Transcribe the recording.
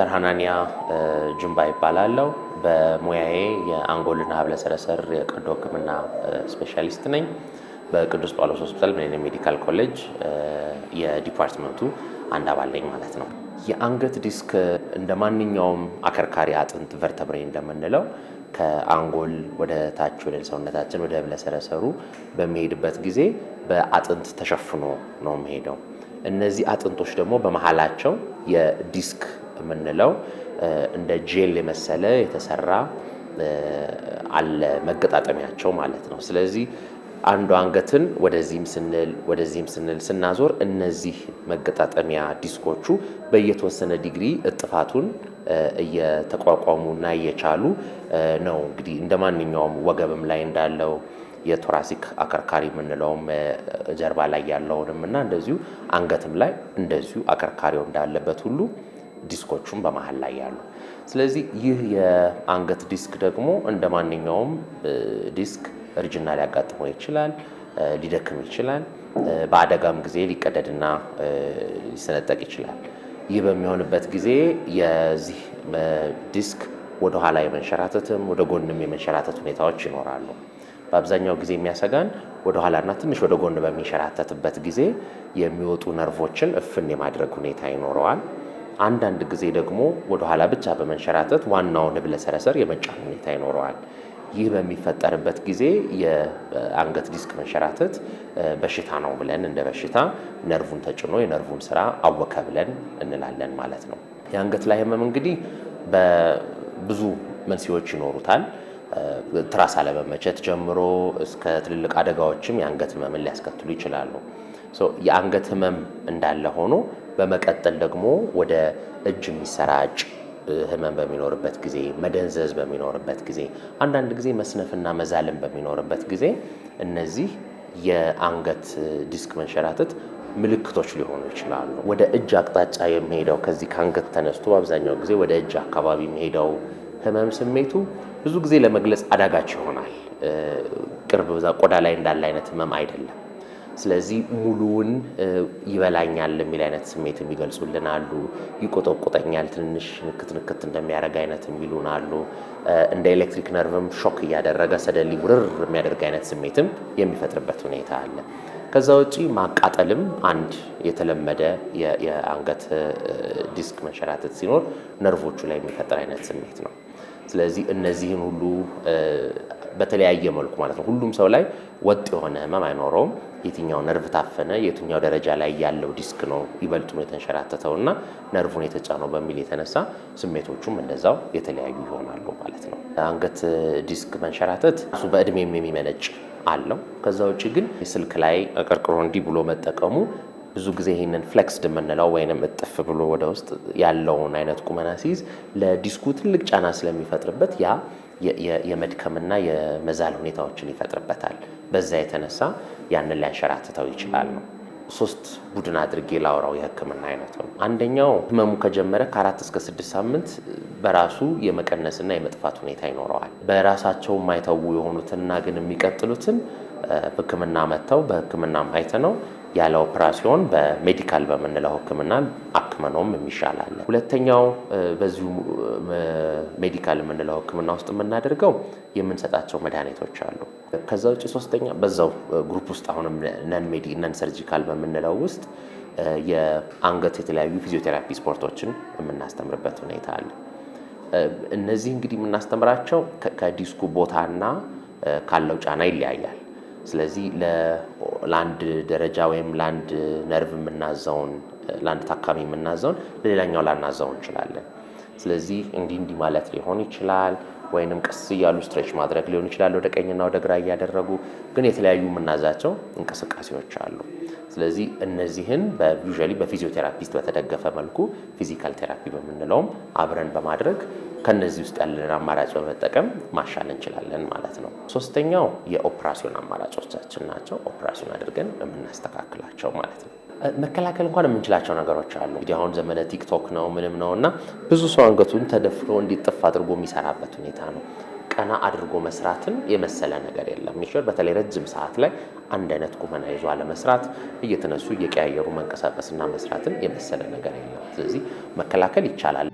ዶክተር ሃናኒያ ጅንባ ይባላለው። በሙያዬ የአንጎልና ህብለሰረሰር የቀዶ ህክምና ስፔሻሊስት ነኝ። በቅዱስ ጳውሎስ ሆስፒታል ምን ሜዲካል ኮሌጅ የዲፓርትመንቱ አንድ አባል ነኝ ማለት ነው። የአንገት ዲስክ እንደ ማንኛውም አከርካሪ አጥንት ቨርተብሬ እንደምንለው ከአንጎል ወደ ታች ወደ ሰውነታችን ወደ ህብለሰረሰሩ በሚሄድበት ጊዜ በአጥንት ተሸፍኖ ነው የሚሄደው። እነዚህ አጥንቶች ደግሞ በመሀላቸው የዲስክ የምንለው እንደ ጄል የመሰለ የተሰራ አለ መገጣጠሚያቸው ማለት ነው። ስለዚህ አንዱ አንገትን ወደዚህም ስንል ወደዚህም ስንል ስናዞር እነዚህ መገጣጠሚያ ዲስኮቹ በየተወሰነ ዲግሪ እጥፋቱን እየተቋቋሙና እየቻሉ ነው። እንግዲህ እንደ ማንኛውም ወገብም ላይ እንዳለው የቶራሲክ አከርካሪ የምንለውም ጀርባ ላይ ያለውንም እና እንደዚሁ አንገትም ላይ እንደዚሁ አከርካሪው እንዳለበት ሁሉ ዲስኮቹም በመሀል ላይ ያሉ። ስለዚህ ይህ የአንገት ዲስክ ደግሞ እንደ ማንኛውም ዲስክ እርጅና ሊያጋጥመው ይችላል፣ ሊደክም ይችላል። በአደጋም ጊዜ ሊቀደድና ሊሰነጠቅ ይችላል። ይህ በሚሆንበት ጊዜ የዚህ ዲስክ ወደ ኋላ የመንሸራተትም ወደ ጎንም የመንሸራተት ሁኔታዎች ይኖራሉ። በአብዛኛው ጊዜ የሚያሰጋን ወደ ኋላና ትንሽ ወደ ጎን በሚንሸራተትበት ጊዜ የሚወጡ ነርቮችን እፍን የማድረግ ሁኔታ ይኖረዋል። አንዳንድ ጊዜ ደግሞ ወደኋላ ብቻ በመንሸራተት ዋናውን ህብለ ሰረሰር የመጫን ሁኔታ ይኖረዋል። ይህ በሚፈጠርበት ጊዜ የአንገት ዲስክ መንሸራተት በሽታ ነው ብለን እንደ በሽታ ነርቭን ተጭኖ የነርቭን ስራ አወከ ብለን እንላለን ማለት ነው። የአንገት ላይ ህመም እንግዲህ በብዙ መንስኤዎች ይኖሩታል። ትራስ አለመመቸት ጀምሮ እስከ ትልልቅ አደጋዎችም የአንገት ህመምን ሊያስከትሉ ይችላሉ። የአንገት ህመም እንዳለ ሆኖ በመቀጠል ደግሞ ወደ እጅ የሚሰራጭ ህመም በሚኖርበት ጊዜ፣ መደንዘዝ በሚኖርበት ጊዜ፣ አንዳንድ ጊዜ መስነፍና መዛልን በሚኖርበት ጊዜ እነዚህ የአንገት ዲስክ መንሸራተት ምልክቶች ሊሆኑ ይችላሉ። ወደ እጅ አቅጣጫ የሚሄደው ከዚህ ከአንገት ተነስቶ በአብዛኛው ጊዜ ወደ እጅ አካባቢ የሚሄደው ህመም ስሜቱ ብዙ ጊዜ ለመግለጽ አዳጋች ይሆናል። ቅርብ ቆዳ ላይ እንዳለ አይነት ህመም አይደለም። ስለዚህ ሙሉውን ይበላኛል የሚል አይነት ስሜት የሚገልጹልን አሉ። ይቆጠቁጠኛል፣ ትንሽ ንክት ንክት እንደሚያደርግ አይነት የሚሉን አሉ። እንደ ኤሌክትሪክ ነርቭም ሾክ እያደረገ ሰደሊ ውርር የሚያደርግ አይነት ስሜትም የሚፈጥርበት ሁኔታ አለ። ከዛ ውጪ ማቃጠልም አንድ የተለመደ የአንገት ዲስክ መንሸራተት ሲኖር ነርቮቹ ላይ የሚፈጥር አይነት ስሜት ነው። ስለዚህ እነዚህን ሁሉ በተለያየ መልኩ ማለት ነው። ሁሉም ሰው ላይ ወጥ የሆነ ህመም አይኖረውም። የትኛው ነርቭ ታፈነ፣ የትኛው ደረጃ ላይ ያለው ዲስክ ነው ይበልጡ ነው የተንሸራተተው እና ነርቭን የተጫነው በሚል የተነሳ ስሜቶቹም እንደዛው የተለያዩ ይሆናሉ ማለት ነው። አንገት ዲስክ መንሸራተት እሱ በእድሜም የሚመነጭ አለው። ከዛ ውጭ ግን ስልክ ላይ ቀርቅሮ እንዲህ ብሎ መጠቀሙ ብዙ ጊዜ ይህንን ፍሌክስድ የምንለው ወይም እጥፍ ብሎ ወደ ውስጥ ያለውን አይነት ቁመና ሲይዝ ለዲስኩ ትልቅ ጫና ስለሚፈጥርበት ያ የመድከምና የመዛል ሁኔታዎችን ይፈጥርበታል። በዛ የተነሳ ያንን ሊያንሸራትተው ይችላል ነው። ሶስት ቡድን አድርጌ ላውራው የህክምና አይነት ነው። አንደኛው ህመሙ ከጀመረ ከአራት እስከ ስድስት ሳምንት በራሱ የመቀነስና የመጥፋት ሁኔታ ይኖረዋል። በራሳቸው የማይተዉ የሆኑትንና ግን የሚቀጥሉትን ህክምና መጥተው በህክምና ማይተ ነው ያለ ኦፕራሲዮን በሜዲካል በምንለው ህክምና አክመኖም የሚሻላለን። ሁለተኛው በዚሁ ሜዲካል የምንለው ህክምና ውስጥ የምናደርገው የምንሰጣቸው መድኃኒቶች አሉ። ከዛ ውጭ ሶስተኛ በዛው ግሩፕ ውስጥ አሁንም ነን ሜዲ ነን ሰርጂካል በምንለው ውስጥ የአንገት የተለያዩ ፊዚዮቴራፒ ስፖርቶችን የምናስተምርበት ሁኔታ አለ። እነዚህ እንግዲህ የምናስተምራቸው ከዲስኩ ቦታና ካለው ጫና ይለያያል። ስለዚህ ለአንድ ደረጃ ወይም ለአንድ ነርቭ የምናዘውን ለአንድ ታካሚ የምናዘውን ለሌላኛው ላናዘው እንችላለን። ስለዚህ እንዲህ እንዲህ ማለት ሊሆን ይችላል ወይንም ቀስ እያሉ ስትሬች ማድረግ ሊሆን ይችላል። ወደ ቀኝና ወደ ግራ እያደረጉ ግን የተለያዩ የምናዛቸው እንቅስቃሴዎች አሉ። ስለዚህ እነዚህን በዩዥዋሊ በፊዚዮቴራፒስት በተደገፈ መልኩ ፊዚካል ቴራፒ በምንለውም አብረን በማድረግ ከነዚህ ውስጥ ያለን አማራጭ በመጠቀም ማሻል እንችላለን ማለት ነው። ሶስተኛው የኦፕራሲዮን አማራጮቻችን ናቸው። ኦፕራሲዮን አድርገን የምናስተካክላቸው ማለት ነው። መከላከል እንኳን የምንችላቸው ነገሮች አሉ። እንግዲህ አሁን ዘመነ ቲክቶክ ነው ምንም ነው እና ብዙ ሰው አንገቱን ተደፍሮ እንዲጥፍ አድርጎ የሚሰራበት ሁኔታ ነው። ቀና አድርጎ መስራትን የመሰለ ነገር የለም። ሚሽር በተለይ ረጅም ሰዓት ላይ አንድ አይነት ቁመና ይዞ አለመስራት፣ እየተነሱ እየቀያየሩ መንቀሳቀስና መስራትን የመሰለ ነገር የለም። ስለዚህ መከላከል ይቻላል።